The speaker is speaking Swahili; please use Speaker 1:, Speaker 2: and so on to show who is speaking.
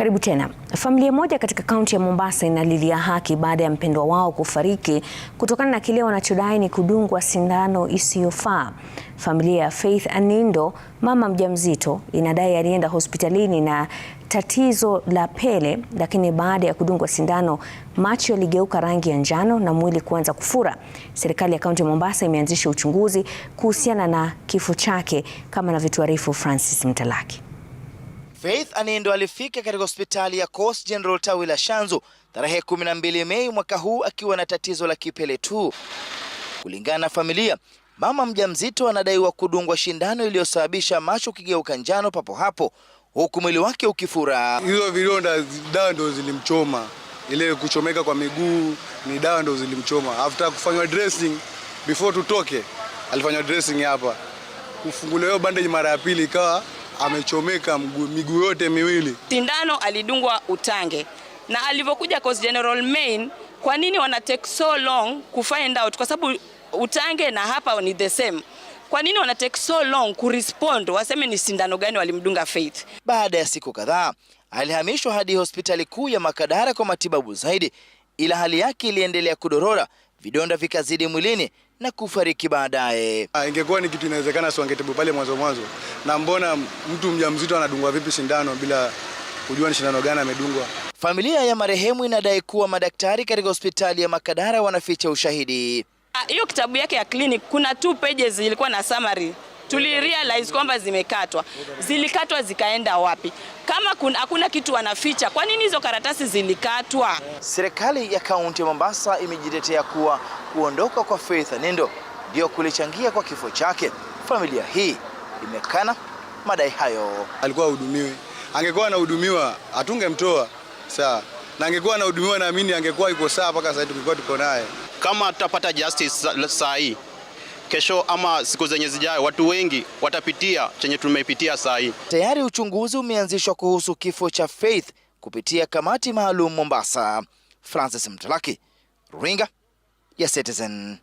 Speaker 1: Karibu tena. Familia moja katika kaunti ya Mombasa inalilia haki baada ya mpendwa wao kufariki kutokana na kile wanachodai ni kudungwa sindano isiyofaa. Familia ya Faith Anindo, mama mjamzito, inadai alienda hospitalini na tatizo la pele, lakini baada ya kudungwa sindano macho yaligeuka rangi ya njano na mwili kuanza kufura. Serikali ya kaunti ya Mombasa imeanzisha uchunguzi kuhusiana na kifo chake, kama anavyotuarifu Francis Mtalaki.
Speaker 2: Faith Anindo alifika katika hospitali ya Coast General tawi la Shanzu tarehe 12 Mei mwaka huu akiwa na tatizo la kipele tu. Kulingana na familia, mama mjamzito anadaiwa kudungwa shindano iliyosababisha macho kigeuka njano papo hapo huku mwili wake ukifura.
Speaker 3: Hizo vidonda dawa ndio zilimchoma, ile kuchomeka kwa miguu ni dawa ndio zilimchoma. After kufanywa dressing, before tutoke alifanywa dressing hapa, kufunguliwa bandage mara ya pili ikawa amechomeka miguu yote miwili.
Speaker 4: Sindano alidungwa utange, na alivyokuja Coast General Main, kwa nini wana take so long ku find out? Kwa sababu utange na hapa ni the same. Kwa nini wana take so long ku respond, waseme ni sindano gani walimdunga Faith?
Speaker 2: Baada ya siku kadhaa alihamishwa hadi hospitali kuu ya Makadara kwa matibabu zaidi, ila hali yake iliendelea kudorora vidonda vikazidi mwilini na kufariki baadaye.
Speaker 3: Ah, ingekuwa ni kitu inawezekana, si pale mwanzo mwanzo? Na mbona mtu mjamzito anadungwa vipi sindano bila kujua ni sindano gani amedungwa?
Speaker 2: Familia ya marehemu inadai kuwa madaktari katika hospitali ya Makadara wanaficha ushahidi.
Speaker 4: Ah, hiyo kitabu yake ya clinic kuna two pages ilikuwa na summary, tuli realize kwamba zimekatwa, zilikatwa zikaenda wapi? kama hakuna kitu wanaficha, kwa nini hizo karatasi zilikatwa?
Speaker 2: Serikali ya kaunti ya Mombasa imejitetea kuwa kuondoka kwa Faith Nendo ndio kulichangia kwa kifo chake. Familia hii imekana madai hayo.
Speaker 3: Alikuwa ahudumiwi, angekuwa anahudumiwa hatungemtoa saa na angekuwa anahudumiwa, naamini angekuwa iko sawa mpaka sasa. Tulikuwa tuko naye,
Speaker 5: kama tutapata justice saa hii kesho ama siku zenye zijayo, watu wengi watapitia chenye tumepitia saa hii.
Speaker 2: Tayari uchunguzi umeanzishwa kuhusu kifo cha Faith kupitia kamati maalum Mombasa. Francis Mtalaki, Ringa ya Citizen.